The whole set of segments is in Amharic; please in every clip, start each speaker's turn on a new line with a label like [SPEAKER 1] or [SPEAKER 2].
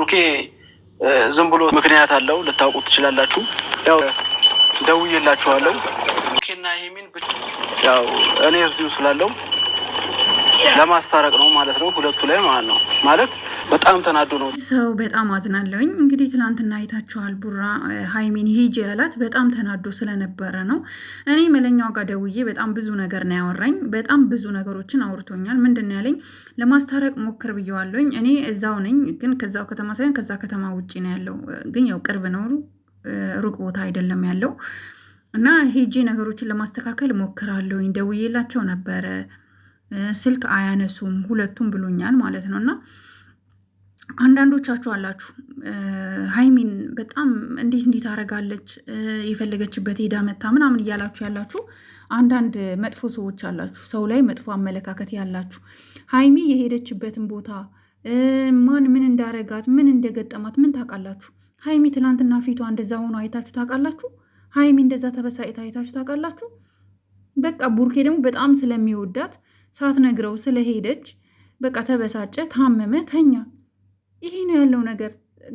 [SPEAKER 1] ሩኬ ዝም ብሎ ምክንያት አለው፣ ልታውቁ ትችላላችሁ። ያው ደውዬላችኋለሁ። ቡሩኬና ሄሚን ያው እኔ እዚሁ ስላለው ለማስታረቅ ነው ማለት ነው፣ ሁለቱ ላይ ማለት ነው። ማለት በጣም ተናዶ ነው
[SPEAKER 2] ሰው። በጣም አዝናለሁኝ። እንግዲህ ትናንትና አይታችኋል፣ ቡራ ሀይሚን ሂጂ ያላት በጣም ተናዶ ስለነበረ ነው። እኔ መለኛው ጋር ደውዬ በጣም ብዙ ነገር ነው ያወራኝ። በጣም ብዙ ነገሮችን አውርቶኛል። ምንድን ነው ያለኝ? ለማስታረቅ ሞክር ብየዋለሁኝ። እኔ እዛው ነኝ፣ ግን ከዛው ከተማ ሳይሆን ከዛ ከተማ ውጭ ነው ያለው። ግን ያው ቅርብ ነው፣ ሩቅ ቦታ አይደለም ያለው እና ሂጂ ነገሮችን ለማስተካከል ሞክራለሁኝ። ደውዬላቸው ነበረ ስልክ አያነሱም ሁለቱም ብሎኛል ማለት ነው። እና አንዳንዶቻችሁ አላችሁ ሀይሚን በጣም እንዴት እንዴት አደርጋለች የፈለገችበት ሄዳ መታ ምናምን እያላችሁ ያላችሁ አንዳንድ መጥፎ ሰዎች አላችሁ፣ ሰው ላይ መጥፎ አመለካከት ያላችሁ ሀይሚ የሄደችበትን ቦታ ማን ምን እንዳረጋት ምን እንደገጠማት ምን ታውቃላችሁ? ሀይሚ ትናንትና ፊቷ እንደዛ ሆኖ አይታችሁ ታውቃላችሁ? ሀይሚ እንደዛ ተበሳጭታ አይታችሁ ታውቃላችሁ? በቃ ቡርኬ ደግሞ በጣም ስለሚወዳት ሳትነግረው ስለሄደች በቃ ተበሳጨ፣ ታመመ፣ ተኛ። ይሄ ነው ያለው ነገር።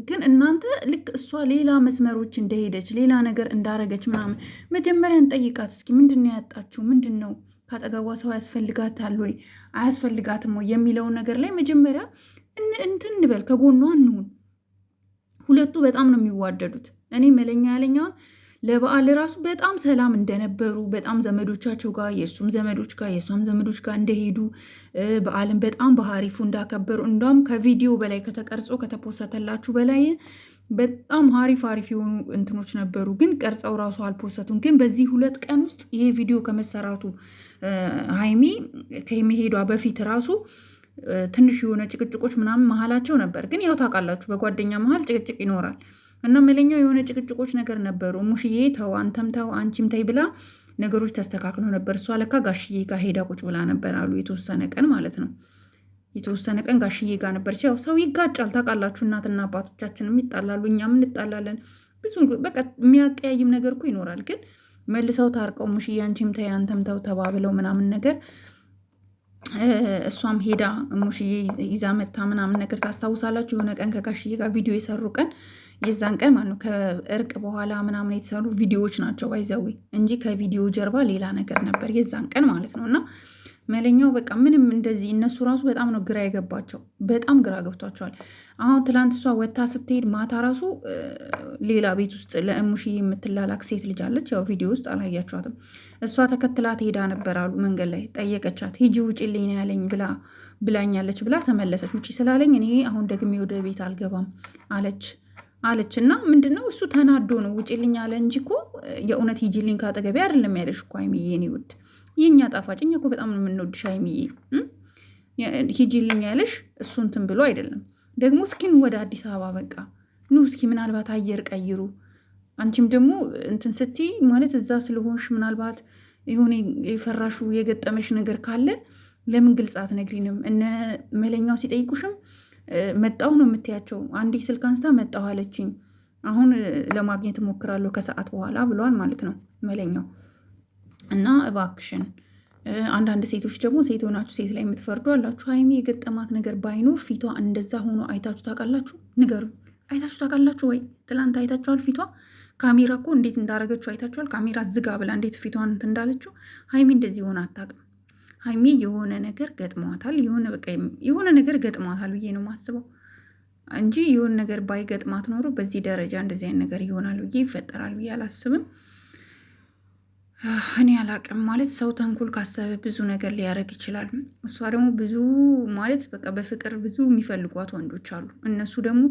[SPEAKER 2] ግን እናንተ ልክ እሷ ሌላ መስመሮች እንደሄደች ሌላ ነገር እንዳረገች ምናምን መጀመሪያ እንጠይቃት እስኪ። ምንድን ነው ያጣችው? ምንድን ነው ካጠገቧ ሰው ያስፈልጋታል ወይ አያስፈልጋትም ወይ የሚለውን ነገር ላይ መጀመሪያ እንትን እንበል፣ ከጎኗ እንሁን። ሁለቱ በጣም ነው የሚዋደዱት። እኔ መለኛ ያለኛውን ለበዓል ራሱ በጣም ሰላም እንደነበሩ በጣም ዘመዶቻቸው ጋር የእሱም ዘመዶች ጋር የእሷም ዘመዶች ጋር እንደሄዱ በዓልን በጣም በሀሪፉ እንዳከበሩ እንዳውም ከቪዲዮ በላይ ከተቀርጾ ከተፖሰተላችሁ በላይ በጣም ሀሪፍ ሀሪፍ የሆኑ እንትኖች ነበሩ፣ ግን ቀርጸው ራሱ አልፖሰቱም። ግን በዚህ ሁለት ቀን ውስጥ ይሄ ቪዲዮ ከመሰራቱ ሀይሚ ከመሄዷ በፊት ራሱ ትንሽ የሆነ ጭቅጭቆች ምናምን መሀላቸው ነበር። ግን ያው ታውቃላችሁ፣ በጓደኛ መሀል ጭቅጭቅ ይኖራል። እና መለኛው የሆነ ጭቅጭቆች ነገር ነበሩ። ሙሽዬ ተው አንተም ተው አንቺም ተይ ብላ ነገሮች ተስተካክሎ ነበር። እሷ ለካ ጋሽዬ ጋር ሄዳ ቁጭ ብላ ነበር አሉ። የተወሰነ ቀን ማለት ነው። የተወሰነ ቀን ጋሽዬ ጋር ነበር ያው ሰው ይጋጫል ታውቃላችሁ። እናትና አባቶቻችንም ይጣላሉ፣ እኛም እንጣላለን። ብዙ በቃ የሚያቀያይም ነገር እኮ ይኖራል። ግን መልሰው ታርቀው ሙሽዬ አንቺም ተይ አንተም ተው ተባብለው ምናምን ነገር እሷም ሄዳ ሙሽዬ ይዛ መታ ምናምን ነገር ታስታውሳላችሁ። የሆነ ቀን ከጋሽዬ ጋር ቪዲዮ የሰሩ ቀን የዛን ቀን ማለት ነው ከእርቅ በኋላ ምናምን የተሰሩ ቪዲዮዎች ናቸው ባይዘዊ እንጂ ከቪዲዮ ጀርባ ሌላ ነገር ነበር የዛን ቀን ማለት ነው። እና መለኛው በቃ ምንም እንደዚህ እነሱ ራሱ በጣም ነው ግራ የገባቸው፣ በጣም ግራ ገብቷቸዋል። አሁን ትላንት እሷ ወታ ስትሄድ ማታ ራሱ ሌላ ቤት ውስጥ ለእሙሽ የምትላላክ ሴት ልጅ አለች። ያው ቪዲዮ ውስጥ አላያቸዋትም። እሷ ተከትላት ሄዳ ነበር አሉ። መንገድ ላይ ጠየቀቻት። ሂጂ ውጪልኝ ነው ያለኝ ብላ ብላኛለች ብላ ተመለሰች። ውጭ ስላለኝ እኔ አሁን ደግሜ ወደ ቤት አልገባም አለች። አለች እና ምንድን ነው እሱ ተናዶ ነው ውጭልኝ አለ እንጂ እኮ የእውነት ሂጂልኝ ከአጠገቤ አይደለም ያለሽ እኮ ሀይሚዬ፣ ነው ውድ የእኛ ጣፋጭ፣ እኛ እኮ በጣም ነው የምንወድሽ ሀይሚዬ። ሂጂልኝ ያለሽ እሱ እንትን ብሎ አይደለም። ደግሞ እስኪን ወደ አዲስ አበባ በቃ ኑ እስኪ ምናልባት አየር ቀይሩ። አንቺም ደግሞ እንትን ስትይ ማለት እዛ ስለሆንሽ ምናልባት የሆነ የፈራሹ የገጠመሽ ነገር ካለ ለምን ግልጽ አትነግሪንም? እነ መለኛው ሲጠይቁሽም መጣሁ ነው የምትያቸው። አንዴ ስልክ አንስታ መጣሁ አለችኝ፣ አሁን ለማግኘት እሞክራለሁ ከሰዓት በኋላ ብሏል ማለት ነው መለኛው። እና እባክሽን አንዳንድ ሴቶች ደግሞ ሴት ሆናችሁ ሴት ላይ የምትፈርዱ አላችሁ። ሀይሚ የገጠማት ነገር ባይኖር ፊቷ እንደዛ ሆኖ አይታችሁ ታውቃላችሁ? ንገሩ። አይታችሁ ታውቃላችሁ ወይ? ትላንት አይታችኋል? ፊቷ ካሜራ እኮ እንዴት እንዳረገችው አይታችኋል? ካሜራ ዝጋ ብላ እንዴት ፊቷን እንዳለችው። ሀይሚ እንደዚህ ሆነ አታውቅም። ሀይሚ የሆነ ነገር ገጥሟታል፣ የሆነ በቃ የሆነ ነገር ገጥሟታል ብዬ ነው የማስበው እንጂ የሆነ ነገር ባይገጥማት ኖሮ በዚህ ደረጃ እንደዚህ አይነት ነገር ይሆናል ብዬ ይፈጠራል ብዬ አላስብም። እኔ አላቅም ማለት ሰው ተንኮል ካሰበ ብዙ ነገር ሊያደርግ ይችላል። እሷ ደግሞ ብዙ ማለት በቃ በፍቅር ብዙ የሚፈልጓት ወንዶች አሉ። እነሱ ደግሞ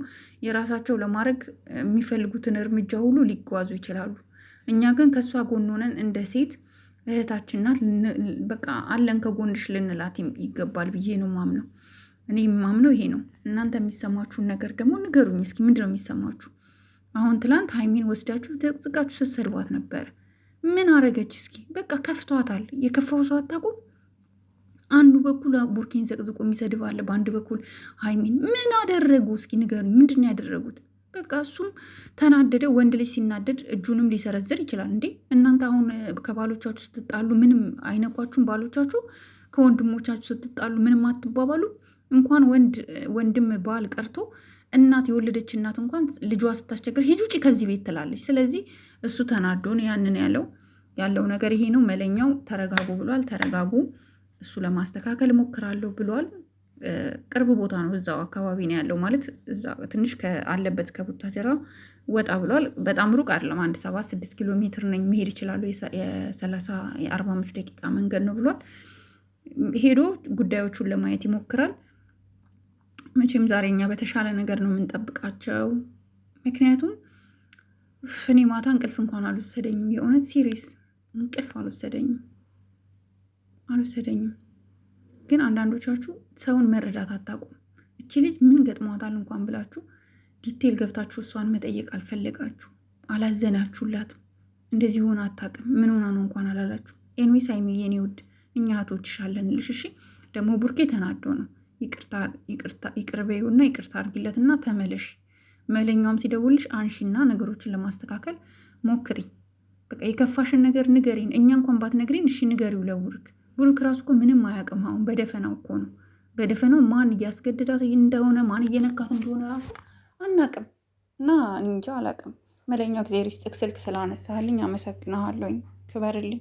[SPEAKER 2] የራሳቸው ለማድረግ የሚፈልጉትን እርምጃ ሁሉ ሊጓዙ ይችላሉ። እኛ ግን ከእሷ ጎን ሆነን እንደ ሴት እህታችን ናት። በቃ አለን ከጎንሽ ልንላት ይገባል ብዬ ነው ማምነው። እኔ ማምነው ይሄ ነው። እናንተ የሚሰማችሁን ነገር ደግሞ ንገሩኝ እስኪ። ምንድን ነው የሚሰማችሁ? አሁን ትላንት ሀይሚን ወስዳችሁ ዘቅዝቃችሁ ስትሰድቧት ነበረ። ምን አረገች እስኪ? በቃ ከፍቷታል። የከፋው ሰው አታውቁም። አንዱ በኩል ቡርኪን ዘቅዝቆ የሚሰድብ አለ፣ በአንድ በኩል ሀይሚን። ምን አደረጉ እስኪ ንገሩኝ። ምንድን ነው ያደረጉት? በቃ እሱም ተናደደ። ወንድ ልጅ ሲናደድ እጁንም ሊሰረዝር ይችላል። እንዴ እናንተ አሁን ከባሎቻችሁ ስትጣሉ ምንም አይነኳችሁም? ባሎቻችሁ ከወንድሞቻችሁ ስትጣሉ ምንም አትባባሉ? እንኳን ወንድም ባል ቀርቶ እናት የወለደች እናት እንኳን ልጇ ስታስቸግር ሂጂ ውጪ ከዚህ ቤት ትላለች። ስለዚህ እሱ ተናዶን ያንን ያለው። ያለው ነገር ይሄ ነው። መለኛው ተረጋጉ ብሏል። ተረጋጉ፣ እሱ ለማስተካከል እሞክራለሁ ብሏል። ቅርብ ቦታ ነው። እዛው አካባቢ ነው ያለው ማለት እዛ ትንሽ አለበት ከቡታጀራ ወጣ ብሏል። በጣም ሩቅ አይደለም። አንድ ሰባ ስድስት ኪሎ ሜትር ነኝ መሄድ ይችላሉ። የሰላሳ የአርባ አምስት ደቂቃ መንገድ ነው ብሏል። ሄዶ ጉዳዮቹን ለማየት ይሞክራል። መቼም ዛሬ እኛ በተሻለ ነገር ነው የምንጠብቃቸው። ምክንያቱም እኔ ማታ እንቅልፍ እንኳን አልወሰደኝም። የእውነት ሲሪስ እንቅልፍ አልወሰደኝም አልወሰደኝም። ግን አንዳንዶቻችሁ ሰውን መረዳት አታውቁም። እቺ ልጅ ምን ገጥሟታል እንኳን ብላችሁ ዲቴል ገብታችሁ እሷን መጠየቅ አልፈለጋችሁ፣ አላዘናችሁላትም። እንደዚህ ሆን አታውቅም፣ ምን ሆና ነው እንኳን አላላችሁ። ኤንዌስ ሀይሚ የኔ ውድ እኛ ሻለን ልሽ። እሺ ደግሞ ቡርኬ ተናዶ ነው ይቅር ይቅርታ አድርጊለትና ተመለሽ። መለኛውም ሲደውልሽ አንሺና ነገሮችን ለማስተካከል ሞክሪ። በቃ የከፋሽን ነገር ንገሪን። እኛ እንኳን ባትነግሪን እሺ ንገሪው ለቡርክ ብሩክ ራሱ እኮ ምንም አያውቅም። አሁን በደፈናው እኮ ነው በደፈናው ማን እያስገደዳት እንደሆነ ማን እየነካት እንደሆነ ራሱ አናቅም። እና እንጃ አላቅም። መለኛው እግዜር ይስጥክ። ስልክ ስላነሳልኝ አመሰግናሃለኝ። ክበርልኝ።